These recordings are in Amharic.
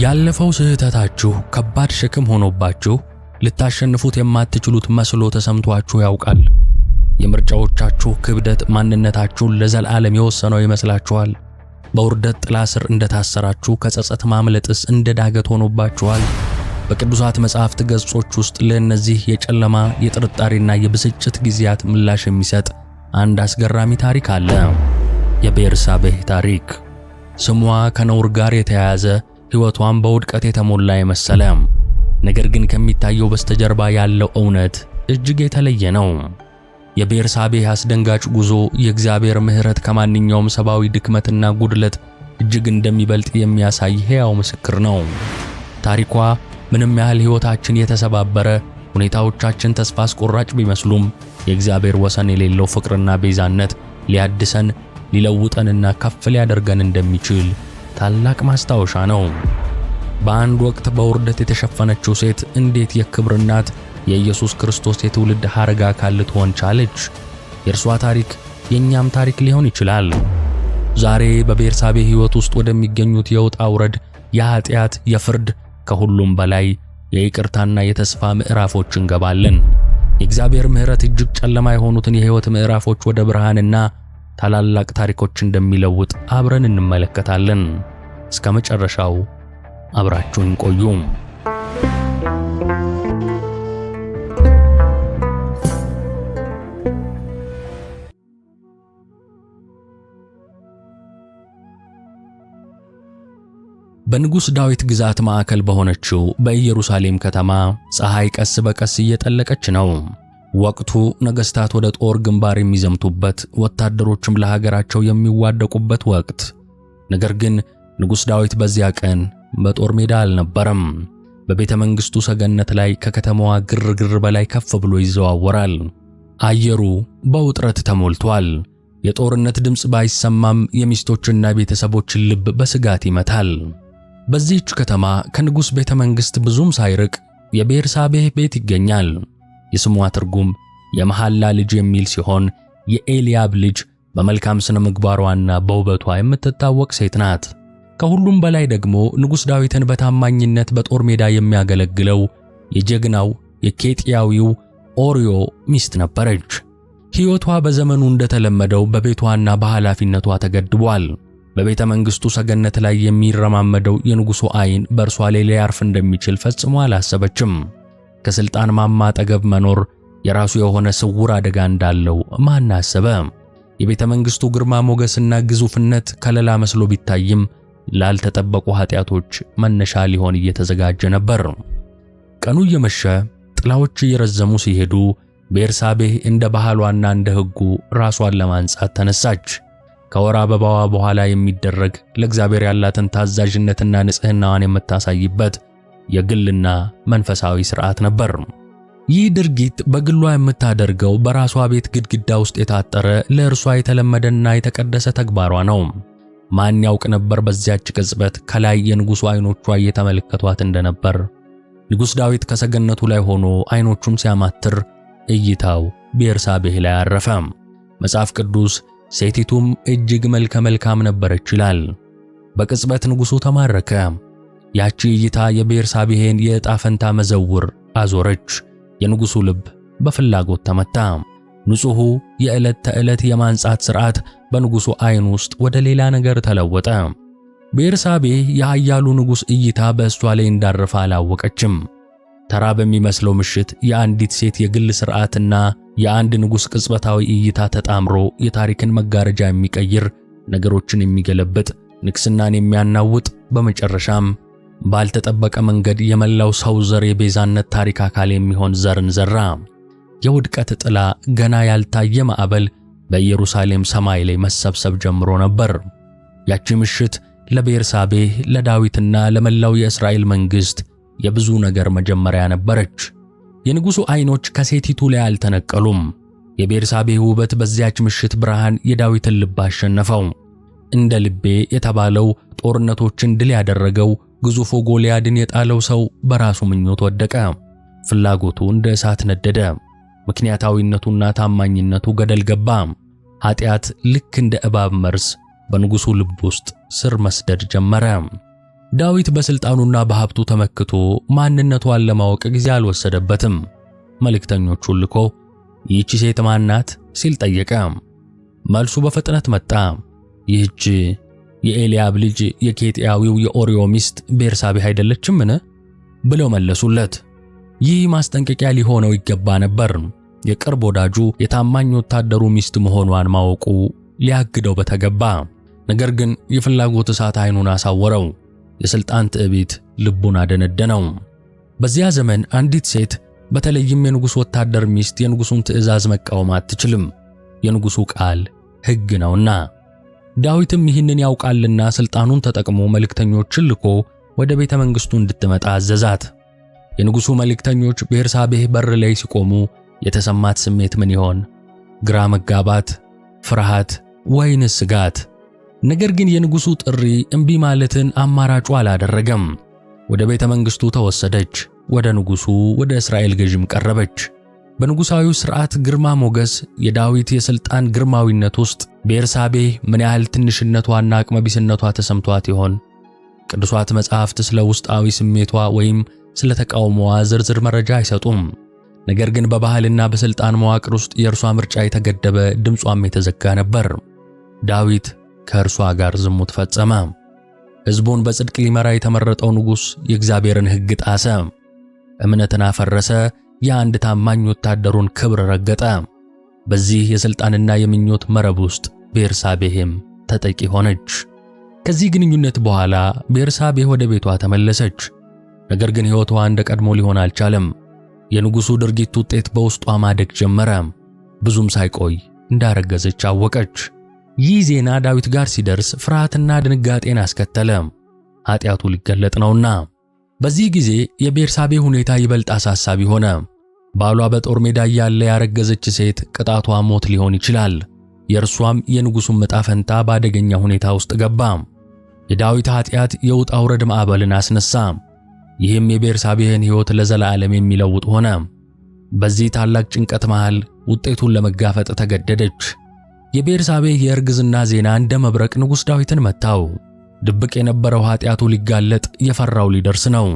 ያለፈው ስህተታችሁ ከባድ ሸክም ሆኖባችሁ ልታሸንፉት የማትችሉት መስሎ ተሰምቷችሁ ያውቃል። የምርጫዎቻችሁ ክብደት ማንነታችሁን ለዘላለም የወሰነው ይመስላችኋል። በውርደት ጥላ ስር እንደታሰራችሁ ከጸጸት ማምለጥስ እንደ ዳገት ሆኖባችኋል። በቅዱሳት መጻሕፍት ገጾች ውስጥ ለእነዚህ የጨለማ የጥርጣሬና የብስጭት ጊዜያት ምላሽ የሚሰጥ አንድ አስገራሚ ታሪክ አለ። የቤርሳቤህ ታሪክ ስሟ ከነውር ጋር የተያያዘ ሕይወቷን በውድቀት የተሞላ የመሰለ፣ ነገር ግን ከሚታየው በስተጀርባ ያለው እውነት እጅግ የተለየ ነው። የቤርሳቤ አስደንጋጭ ጉዞ የእግዚአብሔር ምሕረት ከማንኛውም ሰብአዊ ድክመትና ጉድለት እጅግ እንደሚበልጥ የሚያሳይ ሕያው ምስክር ነው። ታሪኳ ምንም ያህል ሕይወታችን የተሰባበረ፣ ሁኔታዎቻችን ተስፋ አስቆራጭ ቢመስሉም የእግዚአብሔር ወሰን የሌለው ፍቅርና ቤዛነት ሊያድሰን ሊለውጠንና ከፍ ሊያደርገን እንደሚችል ታላቅ ማስታወሻ ነው። በአንድ ወቅት በውርደት የተሸፈነችው ሴት እንዴት የክብር እናት፣ የኢየሱስ ክርስቶስ የትውልድ ሐረግ አካል ልትሆን ቻለች? የእርሷ ታሪክ የእኛም ታሪክ ሊሆን ይችላል። ዛሬ በቤርሳቤ ሕይወት ውስጥ ወደሚገኙት የውጣ ውረድ፣ የኀጢአት፣ የፍርድ፣ ከሁሉም በላይ የይቅርታና የተስፋ ምዕራፎች እንገባለን። የእግዚአብሔር ምሕረት እጅግ ጨለማ የሆኑትን የሕይወት ምዕራፎች ወደ ብርሃንና ታላላቅ ታሪኮች እንደሚለውጥ አብረን እንመለከታለን። እስከ መጨረሻው አብራችሁን ቆዩ። በንጉሥ ዳዊት ግዛት ማዕከል በሆነችው በኢየሩሳሌም ከተማ ፀሐይ ቀስ በቀስ እየጠለቀች ነው። ወቅቱ ነገሥታት ወደ ጦር ግንባር የሚዘምቱበት፣ ወታደሮችም ለሀገራቸው የሚዋደቁበት ወቅት። ነገር ግን ንጉሥ ዳዊት በዚያ ቀን በጦር ሜዳ አልነበረም። በቤተ መንግሥቱ ሰገነት ላይ ከከተማዋ ግርግር በላይ ከፍ ብሎ ይዘዋወራል። አየሩ በውጥረት ተሞልቷል። የጦርነት ድምፅ ባይሰማም የሚስቶችና ቤተሰቦችን ልብ በስጋት ይመታል። በዚህች ከተማ ከንጉሥ ቤተ መንግሥት ብዙም ሳይርቅ የቤርሳቤህ ቤት ይገኛል። የስሟ ትርጉም የመሐላ ልጅ የሚል ሲሆን የኤልያብ ልጅ በመልካም ስነ ምግባሯና በውበቷ የምትታወቅ ሴት ናት። ከሁሉም በላይ ደግሞ ንጉሥ ዳዊትን በታማኝነት በጦር ሜዳ የሚያገለግለው የጀግናው የኬጥያዊው ኦርዮ ሚስት ነበረች። ሕይወቷ በዘመኑ እንደተለመደው በቤቷና በኃላፊነቷ ተገድቧል። በቤተ መንግሥቱ ሰገነት ላይ የሚረማመደው የንጉሡ ዐይን በእርሷ ላይ ሊያርፍ እንደሚችል ፈጽሞ አላሰበችም። ከስልጣን ማማ አጠገብ መኖር የራሱ የሆነ ስውር አደጋ እንዳለው ማን አሰበ? የቤተ መንግሥቱ ግርማ ሞገስና ግዙፍነት ከለላ መስሎ ቢታይም ላልተጠበቁ ኃጢአቶች መነሻ ሊሆን እየተዘጋጀ ነበር። ቀኑ እየመሸ ጥላዎች እየረዘሙ ሲሄዱ ቤርሳቤህ እንደ ባህሏና እንደ ሕጉ ራሷን ለማንጻት ተነሳች። ከወር አበባዋ በኋላ የሚደረግ ለእግዚአብሔር ያላትን ታዛዥነትና ንጽሕናዋን የምታሳይበት የግልና መንፈሳዊ ሥርዓት ነበር። ይህ ድርጊት በግሏ የምታደርገው በራሷ ቤት ግድግዳ ውስጥ የታጠረ ለእርሷ የተለመደና የተቀደሰ ተግባሯ ነው። ማን ያውቅ ነበር በዚያች ቅጽበት ከላይ የንጉሡ ዓይኖቿ እየተመለከቷት እንደነበር። ንጉሥ ዳዊት ከሰገነቱ ላይ ሆኖ አይኖቹን ሲያማትር እይታው ቤርሳቤህ ላይ አረፈ። መጽሐፍ ቅዱስ ሴቲቱም እጅግ መልከ መልካም ነበረች ይላል። በቅጽበት ንጉሡ ተማረከ። ያቺ እይታ የቤርሳቤህን የዕጣ ፈንታ መዘውር አዞረች። የንጉሡ ልብ በፍላጎት ተመታ። ንጹሑ የዕለት ተዕለት የማንጻት ሥርዓት በንጉሡ ዐይን ውስጥ ወደ ሌላ ነገር ተለወጠ። ቤርሳቤህ የኃያሉ ንጉሥ እይታ በእሷ ላይ እንዳረፈ አላወቀችም። ተራ በሚመስለው ምሽት የአንዲት ሴት የግል ሥርዓትና የአንድ ንጉሥ ቅጽበታዊ እይታ ተጣምሮ የታሪክን መጋረጃ የሚቀይር ነገሮችን የሚገለብጥ ንግሥናን የሚያናውጥ በመጨረሻም ባልተጠበቀ መንገድ የመላው ሰው ዘር የቤዛነት ታሪክ አካል የሚሆን ዘርን ዘራ። የውድቀት ጥላ ገና ያልታየ ማዕበል በኢየሩሳሌም ሰማይ ላይ መሰብሰብ ጀምሮ ነበር። ያቺ ምሽት ለቤርሳቤ ለዳዊትና ለመላው የእስራኤል መንግሥት የብዙ ነገር መጀመሪያ ነበረች። የንጉሡ ዐይኖች ከሴቲቱ ላይ አልተነቀሉም። የቤርሳቤ ውበት በዚያች ምሽት ብርሃን የዳዊትን ልብ አሸነፈው። እንደ ልቤ የተባለው ጦርነቶችን ድል ያደረገው ግዙፉ ጎልያድን የጣለው ሰው በራሱ ምኞት ወደቀ። ፍላጎቱ እንደ እሳት ነደደ። ምክንያታዊነቱና ታማኝነቱ ገደል ገባ። ኃጢአት ልክ እንደ እባብ መርዝ በንጉሡ ልብ ውስጥ ስር መስደድ ጀመረ። ዳዊት በሥልጣኑና በሀብቱ ተመክቶ ማንነቷን ለማወቅ ጊዜ አልወሰደበትም። መልእክተኞቹን ልኮ ይህቺ ሴት ማን ናት ሲል ጠየቀ። መልሱ በፍጥነት መጣ። ይህች የኤልያብ ልጅ የኬጥያዊው የኦርዮ ሚስት ቤርሳቤህ አይደለችምን? ብለው መለሱለት። ይህ ማስጠንቀቂያ ሊሆነው ይገባ ነበር። የቅርብ ወዳጁ የታማኝ ወታደሩ ሚስት መሆኗን ማወቁ ሊያግደው በተገባ። ነገር ግን የፍላጎት እሳት አይኑን አሳወረው። የሥልጣን ትዕቢት ልቡን አደነደነው። በዚያ ዘመን አንዲት ሴት በተለይም የንጉሥ ወታደር ሚስት የንጉሡን ትእዛዝ መቃወም አትችልም። የንጉሡ ቃል ሕግ ነውና። ዳዊትም ይህንን ያውቃልና ሥልጣኑን ተጠቅሞ መልእክተኞችን ልኮ ወደ ቤተ መንግሥቱ እንድትመጣ አዘዛት። የንጉሡ መልእክተኞች ብሔርሳቤህ በር ላይ ሲቆሙ የተሰማት ስሜት ምን ይሆን? ግራ መጋባት፣ ፍርሃት ወይንስ ስጋት? ነገር ግን የንጉሡ ጥሪ እምቢ ማለትን አማራጩ አላደረገም። ወደ ቤተ መንግሥቱ ተወሰደች። ወደ ንጉሡ ወደ እስራኤል ገዥም ቀረበች። በንጉሣዊው ሥርዓት ግርማ ሞገስ የዳዊት የሥልጣን ግርማዊነት ውስጥ ቤርሳቤ ምን ያህል ትንሽነቷና አቅመቢስነቷ ተሰምቷት ይሆን? ቅዱሳት መጻሕፍት ስለ ውስጣዊ ስሜቷ ወይም ስለ ተቃውሞዋ ዝርዝር መረጃ አይሰጡም። ነገር ግን በባህልና በሥልጣን መዋቅር ውስጥ የእርሷ ምርጫ የተገደበ፣ ድምጿም የተዘጋ ነበር። ዳዊት ከእርሷ ጋር ዝሙት ፈጸመ። ሕዝቡን በጽድቅ ሊመራ የተመረጠው ንጉሥ የእግዚአብሔርን ሕግ ጣሰ፣ እምነትን አፈረሰ፣ የአንድ ታማኝ ወታደሩን ክብር ረገጠ። በዚህ የሥልጣንና የምኞት መረብ ውስጥ ቤርሳቤህም ተጠቂ ሆነች። ከዚህ ግንኙነት በኋላ ቤርሳቤህ ወደ ቤቷ ተመለሰች። ነገር ግን ሕይወቷ እንደ ቀድሞ ሊሆን አልቻለም። የንጉሡ ድርጊት ውጤት በውስጧ ማደግ ጀመረ። ብዙም ሳይቆይ እንዳረገዘች አወቀች። ይህ ዜና ዳዊት ጋር ሲደርስ ፍርሃትና ድንጋጤን አስከተለ፣ ኃጢአቱ ሊገለጥ ነውና። በዚህ ጊዜ የቤርሳቤህ ሁኔታ ይበልጥ አሳሳቢ ሆነ። ባሏ በጦር ሜዳ እያለ ያረገዘች ሴት ቅጣቷ ሞት ሊሆን ይችላል። የእርሷም የንጉሡም ዕጣ ፈንታ በአደገኛ ሁኔታ ውስጥ ገባ። የዳዊት ኃጢአት የውጣ ውረድ ማዕበልን አስነሳ። ይህም የቤርሳቤህን ሕይወት ለዘላለም የሚለውጥ ሆነ። በዚህ ታላቅ ጭንቀት መሃል ውጤቱን ለመጋፈጥ ተገደደች። የቤርሳቤህ የእርግዝና ዜና እንደ መብረቅ ንጉሥ ዳዊትን መታው። ድብቅ የነበረው ኃጢአቱ ሊጋለጥ የፈራው ሊደርስ ነው።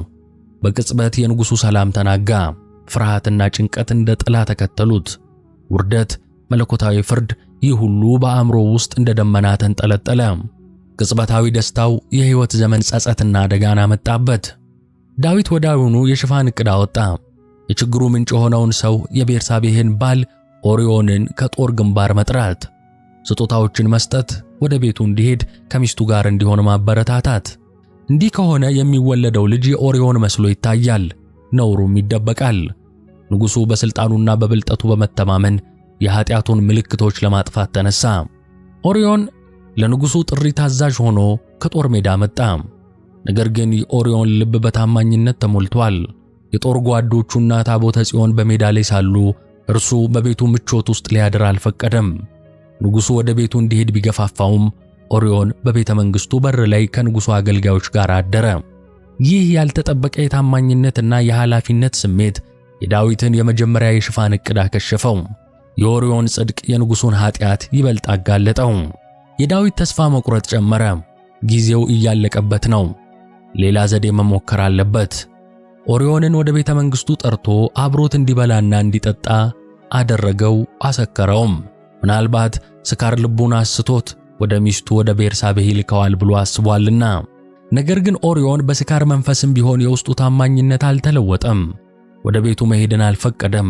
በቅጽበት የንጉሡ ሰላም ተናጋ። ፍርሃትና ጭንቀት እንደ ጥላ ተከተሉት። ውርደት፣ መለኮታዊ ፍርድ፣ ይህ ሁሉ በአእምሮ ውስጥ እንደ ደመና ተንጠለጠለ። ቅጽበታዊ ደስታው የሕይወት ዘመን ጸጸትና አደጋን አመጣበት። ዳዊት ወዲያውኑ የሽፋን ዕቅድ አወጣ። የችግሩ ምንጭ የሆነውን ሰው የቤርሳቤህን ባል ኦሪዮንን ከጦር ግንባር መጥራት፣ ስጦታዎችን መስጠት፣ ወደ ቤቱ እንዲሄድ ከሚስቱ ጋር እንዲሆን ማበረታታት። እንዲህ ከሆነ የሚወለደው ልጅ የኦሪዮን መስሎ ይታያል። ነውሩም ይደበቃል። ንጉሡ በሥልጣኑና በብልጠቱ በመተማመን የኃጢአቱን ምልክቶች ለማጥፋት ተነሣ። ኦሪዮን ለንጉሡ ጥሪ ታዛዥ ሆኖ ከጦር ሜዳ መጣ። ነገር ግን የኦሪዮን ልብ በታማኝነት ተሞልቷል። የጦር ጓዶቹና ታቦተ ጽዮን በሜዳ ላይ ሳሉ እርሱ በቤቱ ምቾት ውስጥ ሊያድር አልፈቀደም። ንጉሡ ወደ ቤቱ እንዲሄድ ቢገፋፋውም ኦሪዮን በቤተ መንግሥቱ በር ላይ ከንጉሡ አገልጋዮች ጋር አደረ። ይህ ያልተጠበቀ የታማኝነት እና የኃላፊነት ስሜት የዳዊትን የመጀመሪያ የሽፋን ዕቅድ አከሸፈው። የኦርዮን ጽድቅ የንጉሡን ኃጢአት ይበልጥ አጋለጠው። የዳዊት ተስፋ መቁረጥ ጨመረ። ጊዜው እያለቀበት ነው። ሌላ ዘዴ መሞከር አለበት። ኦርዮንን ወደ ቤተ መንግሥቱ ጠርቶ አብሮት እንዲበላና እንዲጠጣ አደረገው፣ አሰከረውም። ምናልባት ስካር ልቡን አስቶት ወደ ሚስቱ ወደ ቤርሳቤህ ይልከዋል ብሎ አስቧልና። ነገር ግን ኦሪዮን በስካር መንፈስም ቢሆን የውስጡ ታማኝነት አልተለወጠም። ወደ ቤቱ መሄድን አልፈቀደም።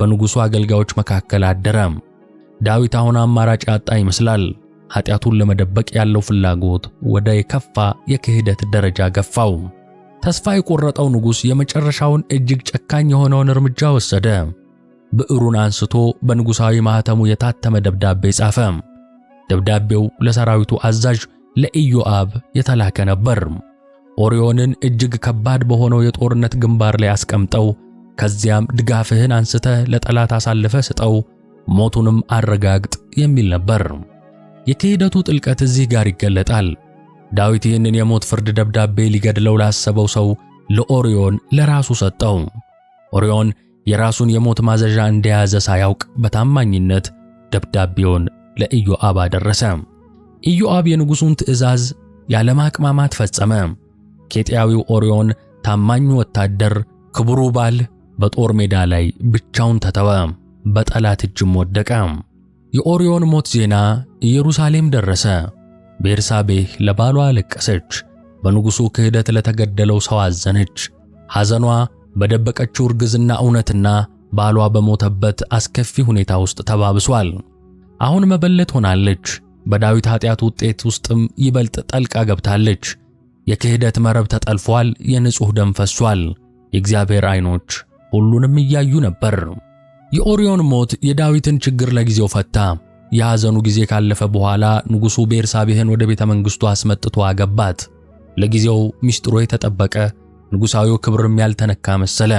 በንጉሡ አገልጋዮች መካከል አደረም። ዳዊት አሁን አማራጭ ያጣ ይመስላል። ኃጢአቱን ለመደበቅ ያለው ፍላጎት ወደ የከፋ የክህደት ደረጃ ገፋው። ተስፋ የቆረጠው ንጉሥ የመጨረሻውን እጅግ ጨካኝ የሆነውን እርምጃ ወሰደ። ብዕሩን አንስቶ በንጉሣዊ ማኅተሙ የታተመ ደብዳቤ ጻፈ። ደብዳቤው ለሰራዊቱ አዛዥ ለኢዮአብ የተላከ ነበር። ኦርዮንን እጅግ ከባድ በሆነው የጦርነት ግንባር ላይ አስቀምጠው፣ ከዚያም ድጋፍህን አንስተህ ለጠላት አሳልፈ ስጠው፣ ሞቱንም አረጋግጥ የሚል ነበር። የክህደቱ ጥልቀት እዚህ ጋር ይገለጣል። ዳዊት ይህንን የሞት ፍርድ ደብዳቤ ሊገድለው ላሰበው ሰው ለኦርዮን ለራሱ ሰጠው። ኦርዮን የራሱን የሞት ማዘዣ እንደያዘ ሳያውቅ በታማኝነት ደብዳቤውን ለኢዮአብ አደረሰ። ኢዮአብ የንጉሡን ትእዛዝ ያለማቅማማት ፈጸመ። ኬጢያዊው ኦርዮን ታማኙ ወታደር፣ ክቡሩ ባል በጦር ሜዳ ላይ ብቻውን ተተወ፣ በጠላት እጅም ወደቀ። የኦርዮን ሞት ዜና ኢየሩሳሌም ደረሰ። ቤርሳቤህ ለባሏ አለቀሰች፣ በንጉሡ ክህደት ለተገደለው ሰው አዘነች። ሐዘኗ በደበቀችው እርግዝና እውነትና ባሏ በሞተበት አስከፊ ሁኔታ ውስጥ ተባብሷል። አሁን መበለት ሆናለች። በዳዊት ኃጢአት ውጤት ውስጥም ይበልጥ ጠልቃ ገብታለች። የክህደት መረብ ተጠልፏል፣ የንጹሕ ደም ፈሷል። የእግዚአብሔር አይኖች ሁሉንም እያዩ ነበር። የኦርዮን ሞት የዳዊትን ችግር ለጊዜው ፈታ። የሐዘኑ ጊዜ ካለፈ በኋላ ንጉሡ ቤርሳቤህን ወደ ቤተ መንግሥቱ አስመጥቶ አገባት። ለጊዜው ሚስጥሩ የተጠበቀ ንጉሣዊው ክብርም ያልተነካ መሰለ።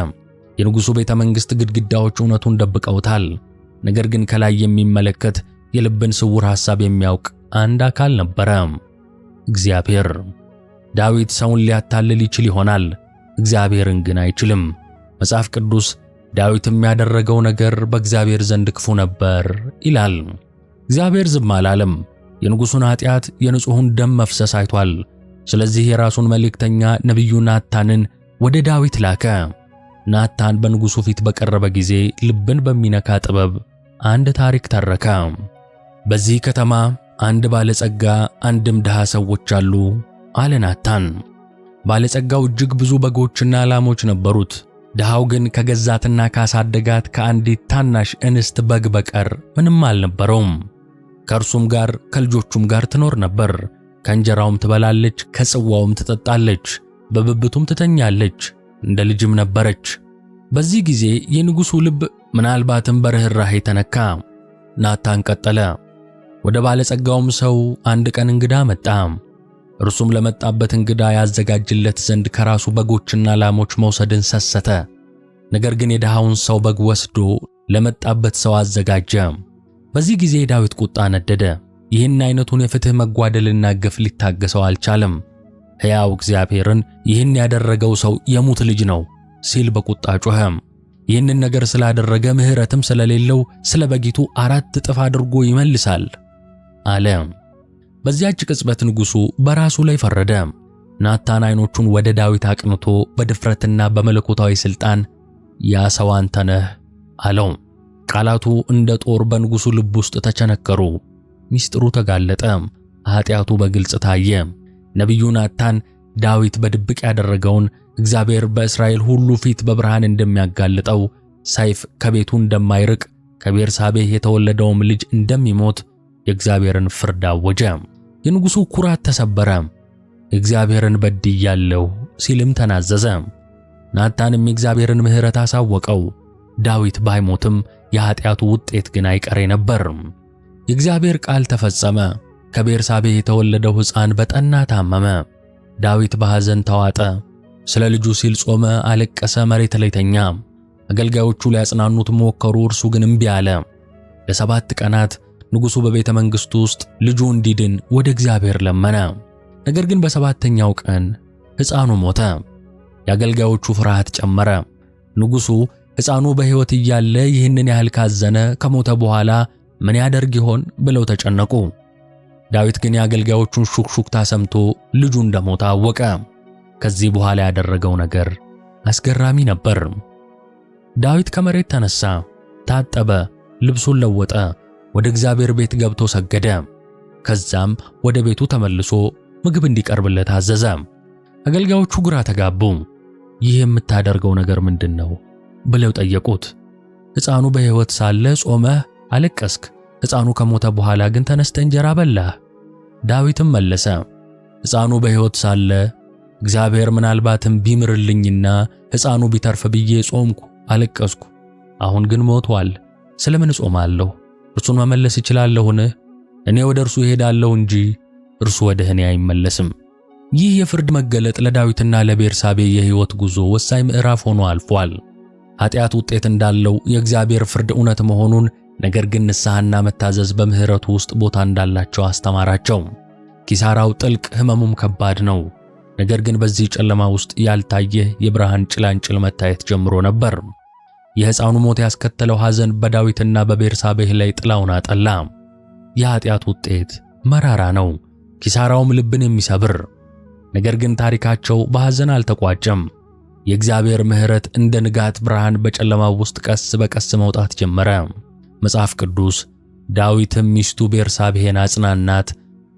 የንጉሡ ቤተ መንግሥት ግድግዳዎች እውነቱን ደብቀውታል። ነገር ግን ከላይ የሚመለከት የልብን ስውር ሐሳብ የሚያውቅ አንድ አካል ነበረ፣ እግዚአብሔር። ዳዊት ሰውን ሊያታልል ይችል ይሆናል፣ እግዚአብሔርን ግን አይችልም። መጽሐፍ ቅዱስ ዳዊትም ያደረገው ነገር በእግዚአብሔር ዘንድ ክፉ ነበር ይላል። እግዚአብሔር ዝም አላለም። የንጉሡን ኃጢአት፣ የንጹሑን ደም መፍሰስ አይቷል። ስለዚህ የራሱን መልእክተኛ ነቢዩ ናታንን ወደ ዳዊት ላከ። ናታን በንጉሡ ፊት በቀረበ ጊዜ ልብን በሚነካ ጥበብ አንድ ታሪክ ተረከ። በዚህ ከተማ አንድ ባለጸጋ አንድም ድሃ ሰዎች አሉ አለ ናታን። ባለጸጋው እጅግ ብዙ በጎችና ላሞች ነበሩት። ድሃው ግን ከገዛትና ካሳደጋት ከአንዲት ታናሽ እንስት በግ በቀር ምንም አልነበረውም። ከእርሱም ጋር ከልጆቹም ጋር ትኖር ነበር። ከእንጀራውም ትበላለች፣ ከጽዋውም ትጠጣለች፣ በብብቱም ትተኛለች፣ እንደ ልጅም ነበረች። በዚህ ጊዜ የንጉሡ ልብ ምናልባትም በርኅራኄ ተነካ። ናታን ቀጠለ። ወደ ባለጸጋውም ሰው አንድ ቀን እንግዳ መጣ። እርሱም ለመጣበት እንግዳ ያዘጋጅለት ዘንድ ከራሱ በጎችና ላሞች መውሰድን ሰሰተ። ነገር ግን የድሃውን ሰው በግ ወስዶ ለመጣበት ሰው አዘጋጀ። በዚህ ጊዜ ዳዊት ቁጣ ነደደ። ይህን አይነቱን የፍትህ መጓደልና ግፍ ሊታገሰው አልቻለም። ሕያው እግዚአብሔርን ይህን ያደረገው ሰው የሙት ልጅ ነው ሲል በቁጣ ጮኸ። ይህንን ነገር ስላደረገ ምሕረትም ስለሌለው ስለ በጊቱ አራት እጥፍ አድርጎ ይመልሳል አለ። በዚያች ቅጽበት ንጉሡ በራሱ ላይ ፈረደ። ናታን ዓይኖቹን ወደ ዳዊት አቅንቶ በድፍረትና በመለኮታዊ ሥልጣን ያ ሰው አንተ ነህ አለው። ቃላቱ እንደ ጦር በንጉሡ ልብ ውስጥ ተቸነከሩ። ሚስጥሩ ተጋለጠ። ኃጢአቱ በግልጽ ታየ። ነቢዩ ናታን ዳዊት በድብቅ ያደረገውን እግዚአብሔር በእስራኤል ሁሉ ፊት በብርሃን እንደሚያጋልጠው፣ ሰይፍ ከቤቱ እንደማይርቅ፣ ከቤርሳቤህ የተወለደውም ልጅ እንደሚሞት የእግዚአብሔርን ፍርድ አወጀ። የንጉሡ ኩራት ተሰበረ። እግዚአብሔርን በድያለሁ ሲልም ተናዘዘ። ናታንም የእግዚአብሔርን ምሕረት አሳወቀው። ዳዊት ባይሞትም የኃጢአቱ ውጤት ግን አይቀሬ ነበር። የእግዚአብሔር ቃል ተፈጸመ። ከቤርሳቤ የተወለደው ሕፃን በጠና ታመመ። ዳዊት በሐዘን ተዋጠ። ስለ ልጁ ሲል ጾመ፣ አለቀሰ፣ መሬት ላይ ተኛ። አገልጋዮቹ ሊያጽናኑት ሞከሩ፣ እርሱ ግን እምቢ አለ። ለሰባት ቀናት ንጉሡ በቤተ መንግሥቱ ውስጥ ልጁ እንዲድን ወደ እግዚአብሔር ለመነ። ነገር ግን በሰባተኛው ቀን ሕፃኑ ሞተ። የአገልጋዮቹ ፍርሃት ጨመረ። ንጉሡ ሕፃኑ በሕይወት እያለ ይህንን ያህል ካዘነ ከሞተ በኋላ ምን ያደርግ ይሆን ብለው ተጨነቁ። ዳዊት ግን የአገልጋዮቹን ሹክሹክታ ሰምቶ ልጁ እንደሞተ አወቀ። ከዚህ በኋላ ያደረገው ነገር አስገራሚ ነበር። ዳዊት ከመሬት ተነሳ፣ ታጠበ፣ ልብሱን ለወጠ፣ ወደ እግዚአብሔር ቤት ገብቶ ሰገደ። ከዛም ወደ ቤቱ ተመልሶ ምግብ እንዲቀርብለት አዘዘ። አገልጋዮቹ ግራ ተጋቡ። ይህ የምታደርገው ነገር ምንድን ነው ብለው ጠየቁት። ሕፃኑ በሕይወት ሳለ ጾመህ አለቀስክ፣ ሕፃኑ ከሞተ በኋላ ግን ተነስተ እንጀራ በላህ። ዳዊትም መለሰ፣ ሕፃኑ በሕይወት ሳለ እግዚአብሔር ምናልባትም ቢምርልኝና ሕፃኑ ቢተርፍ ብዬ ጾምኩ፣ አለቀስኩ። አሁን ግን ሞቷል፣ ስለምን ጾማለሁ? እርሱን መመለስ እችላለሁን? እኔ ወደ እርሱ እሄዳለሁ እንጂ እርሱ ወደ እኔ አይመለስም። ይህ የፍርድ መገለጥ ለዳዊትና ለቤርሳቤ የሕይወት ጉዞ ወሳኝ ምዕራፍ ሆኖ አልፏል። ኃጢአት ውጤት እንዳለው የእግዚአብሔር ፍርድ እውነት መሆኑን፣ ነገር ግን ንስሐና መታዘዝ በምሕረቱ ውስጥ ቦታ እንዳላቸው አስተማራቸው። ኪሳራው ጥልቅ፣ ሕመሙም ከባድ ነው። ነገር ግን በዚህ ጨለማ ውስጥ ያልታየ የብርሃን ጭላንጭል መታየት ጀምሮ ነበር። የሕፃኑ ሞት ያስከተለው ሐዘን በዳዊትና በቤርሳቤህ ላይ ጥላውን አጠላ። የኃጢአት ውጤት መራራ ነው፣ ኪሳራውም ልብን የሚሰብር ነገር ግን ታሪካቸው በሐዘን አልተቋጨም። የእግዚአብሔር ምሕረት እንደ ንጋት ብርሃን በጨለማው ውስጥ ቀስ በቀስ መውጣት ጀመረ። መጽሐፍ ቅዱስ ዳዊትም ሚስቱ ቤርሳቤህን አጽናናት፣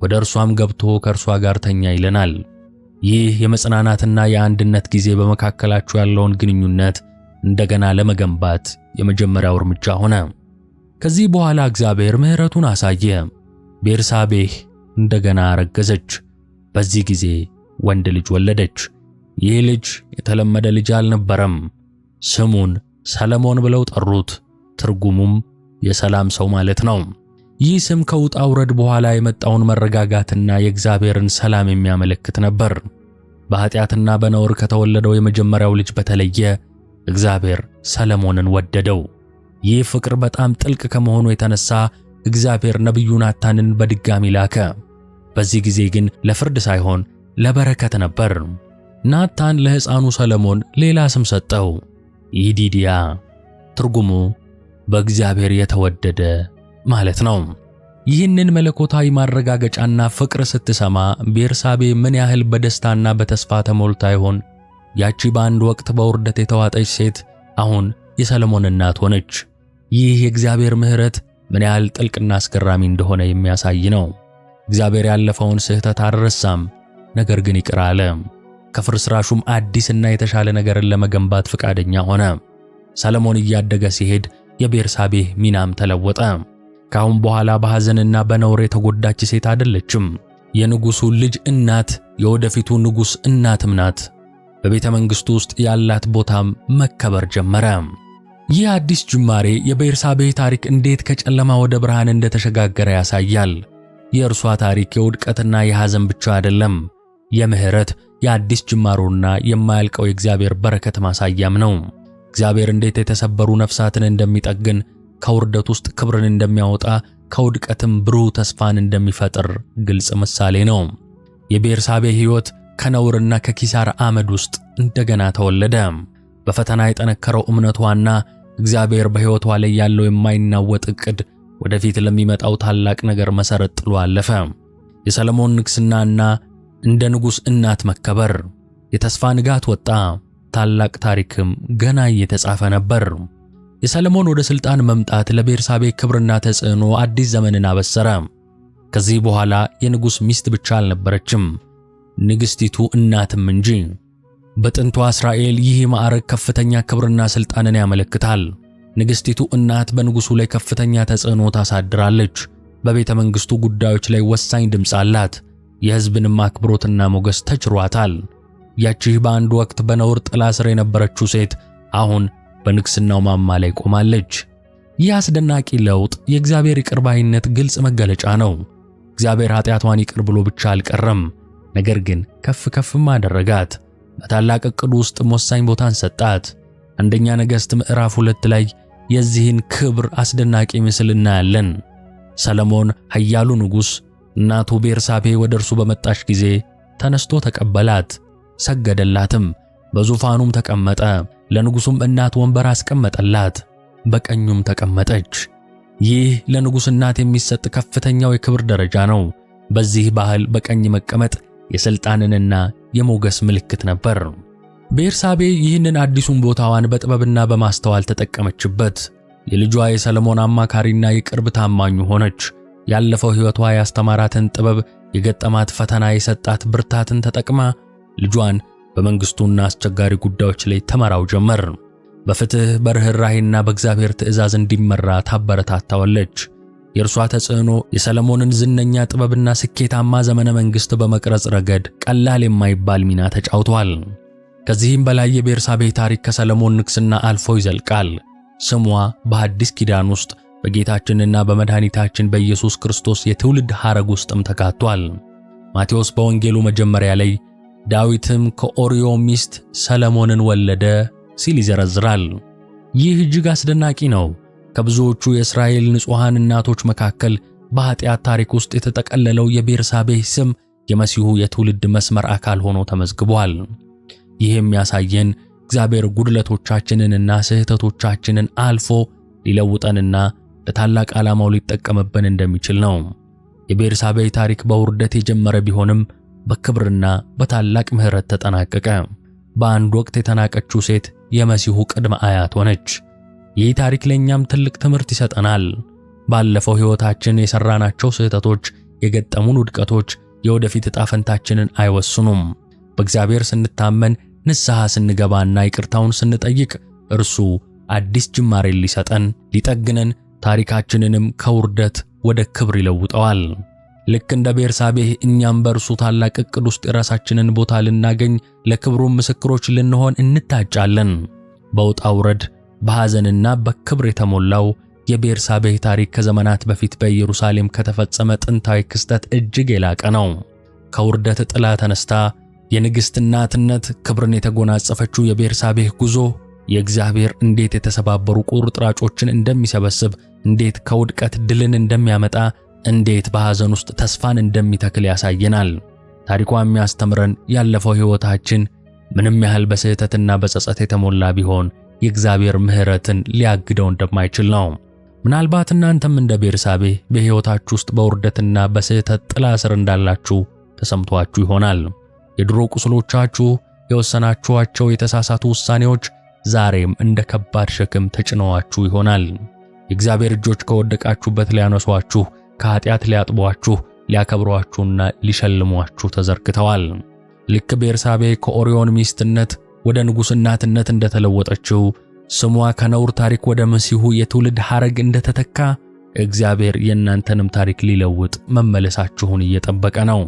ወደ እርሷም ገብቶ ከእርሷ ጋር ተኛ ይለናል። ይህ የመጽናናትና የአንድነት ጊዜ በመካከላቸው ያለውን ግንኙነት እንደገና ለመገንባት የመጀመሪያው እርምጃ ሆነ። ከዚህ በኋላ እግዚአብሔር ምሕረቱን አሳየ። ቤርሳቤህ እንደገና አረገዘች። በዚህ ጊዜ ወንድ ልጅ ወለደች። ይህ ልጅ የተለመደ ልጅ አልነበረም። ስሙን ሰለሞን ብለው ጠሩት። ትርጉሙም የሰላም ሰው ማለት ነው። ይህ ስም ከውጣ ውረድ በኋላ የመጣውን መረጋጋትና የእግዚአብሔርን ሰላም የሚያመለክት ነበር። በኃጢአትና በነውር ከተወለደው የመጀመሪያው ልጅ በተለየ እግዚአብሔር ሰለሞንን ወደደው። ይህ ፍቅር በጣም ጥልቅ ከመሆኑ የተነሳ እግዚአብሔር ነቢዩ ናታንን በድጋሚ ላከ። በዚህ ጊዜ ግን ለፍርድ ሳይሆን ለበረከት ነበር። ናታን ለሕፃኑ ሰለሞን ሌላ ስም ሰጠው፣ ይዲድያ። ትርጉሙ በእግዚአብሔር የተወደደ ማለት ነው። ይህንን መለኮታዊ ማረጋገጫና ፍቅር ስትሰማ ቤርሳቤ ምን ያህል በደስታና በተስፋ ተሞልታ ይሆን? ያቺ በአንድ ወቅት በውርደት የተዋጠች ሴት አሁን የሰለሞን እናት ሆነች። ይህ የእግዚአብሔር ምሕረት ምን ያህል ጥልቅና አስገራሚ እንደሆነ የሚያሳይ ነው። እግዚአብሔር ያለፈውን ስህተት አልረሳም፣ ነገር ግን ይቅር አለ። ከፍርስራሹም አዲስና የተሻለ ነገርን ለመገንባት ፈቃደኛ ሆነ። ሰለሞን እያደገ ሲሄድ የቤርሳቤህ ሚናም ተለወጠ። ከአሁን በኋላ በሐዘንና በነውር የተጎዳች ሴት አይደለችም። የንጉሡ ልጅ እናት፣ የወደፊቱ ንጉሥ እናትም ናት። በቤተ መንግሥቱ ውስጥ ያላት ቦታም መከበር ጀመረ። ይህ አዲስ ጅማሬ የቤርሳቤ ታሪክ እንዴት ከጨለማ ወደ ብርሃን እንደተሸጋገረ ያሳያል። የእርሷ ታሪክ የውድቀትና የሐዘን ብቻ አይደለም፤ የምሕረት፣ የአዲስ ጅማሮና የማያልቀው የእግዚአብሔር በረከት ማሳያም ነው። እግዚአብሔር እንዴት የተሰበሩ ነፍሳትን እንደሚጠግን፣ ከውርደት ውስጥ ክብርን እንደሚያወጣ፣ ከውድቀትም ብሩህ ተስፋን እንደሚፈጥር ግልጽ ምሳሌ ነው። የቤርሳቤ ሕይወት ከነውርና ከኪሳር አመድ ውስጥ እንደገና ተወለደ። በፈተና የጠነከረው እምነቷና እግዚአብሔር በሕይወቷ ላይ ያለው የማይናወጥ እቅድ ወደፊት ለሚመጣው ታላቅ ነገር መሰረት ጥሎ አለፈ። የሰለሞን ንግስናና እንደ ንጉስ እናት መከበር፣ የተስፋ ንጋት ወጣ። ታላቅ ታሪክም ገና እየተጻፈ ነበር። የሰለሞን ወደ ስልጣን መምጣት ለቤርሳቤ ክብርና ተጽዕኖ አዲስ ዘመንን አበሰረ። ከዚህ በኋላ የንጉስ ሚስት ብቻ አልነበረችም፣ ንግሥቲቱ እናትም እንጂ። በጥንቷ እስራኤል ይህ ማዕረግ ከፍተኛ ክብርና ሥልጣንን ያመለክታል። ንግሥቲቱ እናት በንጉሡ ላይ ከፍተኛ ተጽዕኖ ታሳድራለች። በቤተ መንግሥቱ ጉዳዮች ላይ ወሳኝ ድምፅ አላት። የሕዝብንም አክብሮትና ሞገስ ተችሯታል። ያቺህ በአንድ ወቅት በነውር ጥላ ስር የነበረችው ሴት አሁን በንግሥናው ማማ ላይ ቆማለች። ይህ አስደናቂ ለውጥ የእግዚአብሔር ይቅር ባይነት ግልጽ መገለጫ ነው። እግዚአብሔር ኃጢአቷን ይቅር ብሎ ብቻ አልቀረም፤ ነገር ግን ከፍ ከፍም አደረጋት። በታላቅ ዕቅዱ ውስጥም ወሳኝ ቦታን ሰጣት። አንደኛ ነገሥት ምዕራፍ ሁለት ላይ የዚህን ክብር አስደናቂ ምስል እናያለን። ሰለሞን ኃያሉ ንጉሥ እናቱ ቤርሳቤ ወደ እርሱ በመጣች ጊዜ ተነስቶ ተቀበላት፣ ሰገደላትም፣ በዙፋኑም ተቀመጠ። ለንጉሡም እናት ወንበር አስቀመጠላት፣ በቀኙም ተቀመጠች። ይህ ለንጉሥ እናት የሚሰጥ ከፍተኛው የክብር ደረጃ ነው። በዚህ ባህል በቀኝ መቀመጥ የሥልጣንንና የሞገስ ምልክት ነበር። ቤርሳቤ ይህንን አዲሱን ቦታዋን በጥበብና በማስተዋል ተጠቀመችበት። የልጇ የሰለሞን አማካሪና የቅርብ ታማኙ ሆነች። ያለፈው ሕይወቷ ያስተማራትን ጥበብ፣ የገጠማት ፈተና የሰጣት ብርታትን ተጠቅማ ልጇን በመንግሥቱና አስቸጋሪ ጉዳዮች ላይ ተመራው ጀመር። በፍትሕ በርኅራኄና በእግዚአብሔር ትእዛዝ እንዲመራ ታበረታታዋለች። የእርሷ ተጽዕኖ የሰለሞንን ዝነኛ ጥበብና ስኬታማ ዘመነ መንግሥት በመቅረጽ ረገድ ቀላል የማይባል ሚና ተጫውቷል። ከዚህም በላይ የቤርሳቤ ታሪክ ከሰለሞን ንግሥና አልፎ ይዘልቃል። ስሟ በአዲስ ኪዳን ውስጥ በጌታችንና በመድኃኒታችን በኢየሱስ ክርስቶስ የትውልድ ሐረግ ውስጥም ተካቷል። ማቴዎስ በወንጌሉ መጀመሪያ ላይ ዳዊትም ከኦርዮ ሚስት ሰለሞንን ወለደ ሲል ይዘረዝራል። ይህ እጅግ አስደናቂ ነው። ከብዙዎቹ የእስራኤል ንጹሐን እናቶች መካከል በኃጢአት ታሪክ ውስጥ የተጠቀለለው የቤርሳቤህ ስም የመሲሁ የትውልድ መስመር አካል ሆኖ ተመዝግቧል። ይህ የሚያሳየን እግዚአብሔር ጉድለቶቻችንንና ስህተቶቻችንን አልፎ ሊለውጠንና ለታላቅ ዓላማው ሊጠቀምብን እንደሚችል ነው። የቤርሳቤህ ታሪክ በውርደት የጀመረ ቢሆንም በክብርና በታላቅ ምሕረት ተጠናቀቀ። በአንድ ወቅት የተናቀችው ሴት የመሲሁ ቅድመ አያት ሆነች። ይህ ታሪክ ለእኛም ትልቅ ትምህርት ይሰጠናል። ባለፈው ሕይወታችን የሠራናቸው ስህተቶች፣ የገጠሙን ውድቀቶች የወደፊት ዕጣ ፈንታችንን አይወስኑም። በእግዚአብሔር ስንታመን፣ ንስሐ ስንገባና ይቅርታውን ስንጠይቅ እርሱ አዲስ ጅማሬን ሊሰጠን፣ ሊጠግነን፣ ታሪካችንንም ከውርደት ወደ ክብር ይለውጠዋል። ልክ እንደ ቤርሳቤህ እኛም በእርሱ ታላቅ ዕቅድ ውስጥ የራሳችንን ቦታ ልናገኝ፣ ለክብሩም ምስክሮች ልንሆን እንታጫለን። በውጣ ውረድ በሐዘንና በክብር የተሞላው የቤርሳቤህ ታሪክ ከዘመናት በፊት በኢየሩሳሌም ከተፈጸመ ጥንታዊ ክስተት እጅግ የላቀ ነው። ከውርደት ጥላ ተነስታ የንግሥት እናትነት ክብርን የተጎናጸፈችው የቤርሳቤህ ጉዞ የእግዚአብሔር እንዴት የተሰባበሩ ቁርጥራጮችን እንደሚሰበስብ፣ እንዴት ከውድቀት ድልን እንደሚያመጣ፣ እንዴት በሐዘን ውስጥ ተስፋን እንደሚተክል ያሳየናል። ታሪኳ የሚያስተምረን ያለፈው ሕይወታችን ምንም ያህል በስህተትና በጸጸት የተሞላ ቢሆን የእግዚአብሔር ምሕረትን ሊያግደው እንደማይችል ነው። ምናልባት እናንተም እንደ ቤርሳቤ በሕይወታችሁ ውስጥ በውርደትና በስህተት ጥላ ስር እንዳላችሁ ተሰምቷችሁ ይሆናል። የድሮ ቁስሎቻችሁ፣ የወሰናችኋቸው የተሳሳቱ ውሳኔዎች ዛሬም እንደ ከባድ ሸክም ተጭነዋችሁ ይሆናል። የእግዚአብሔር እጆች ከወደቃችሁበት ሊያነሷችሁ፣ ከኃጢአት ሊያጥቧችሁ፣ ሊያከብሯችሁና ሊሸልሟችሁ ተዘርግተዋል። ልክ ቤርሳቤ ከኦሪዮን ሚስትነት ወደ ንጉሥ እናትነት እንደተለወጠችው፣ ስሟ ከነውር ታሪክ ወደ መሲሁ የትውልድ ሐረግ እንደተተካ እግዚአብሔር የእናንተንም ታሪክ ሊለውጥ መመለሳችሁን እየጠበቀ ነው።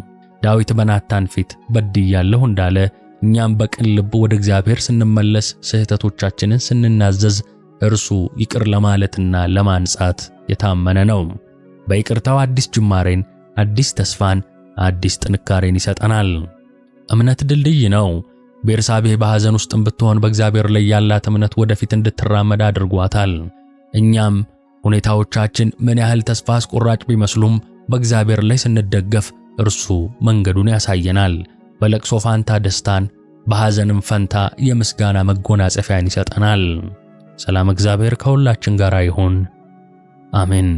ዳዊት በናታን ፊት በድያለሁ እንዳለ እኛም በቅን ልብ ወደ እግዚአብሔር ስንመለስ፣ ስህተቶቻችንን ስንናዘዝ እርሱ ይቅር ለማለትና ለማንጻት የታመነ ነው። በይቅርታው አዲስ ጅማሬን፣ አዲስ ተስፋን፣ አዲስ ጥንካሬን ይሰጠናል። እምነት ድልድይ ነው። ቤርሳቤህ በሐዘን ውስጥም ብትሆን በእግዚአብሔር ላይ ያላት እምነት ወደፊት እንድትራመድ አድርጓታል። እኛም ሁኔታዎቻችን ምን ያህል ተስፋ አስቆራጭ ቢመስሉም በእግዚአብሔር ላይ ስንደገፍ እርሱ መንገዱን ያሳየናል። በለቅሶ ፋንታ ደስታን፣ በሐዘንም ፈንታ የምስጋና መጎናጸፊያን ይሰጠናል። ሰላም እግዚአብሔር ከሁላችን ጋር ይሁን። አሜን።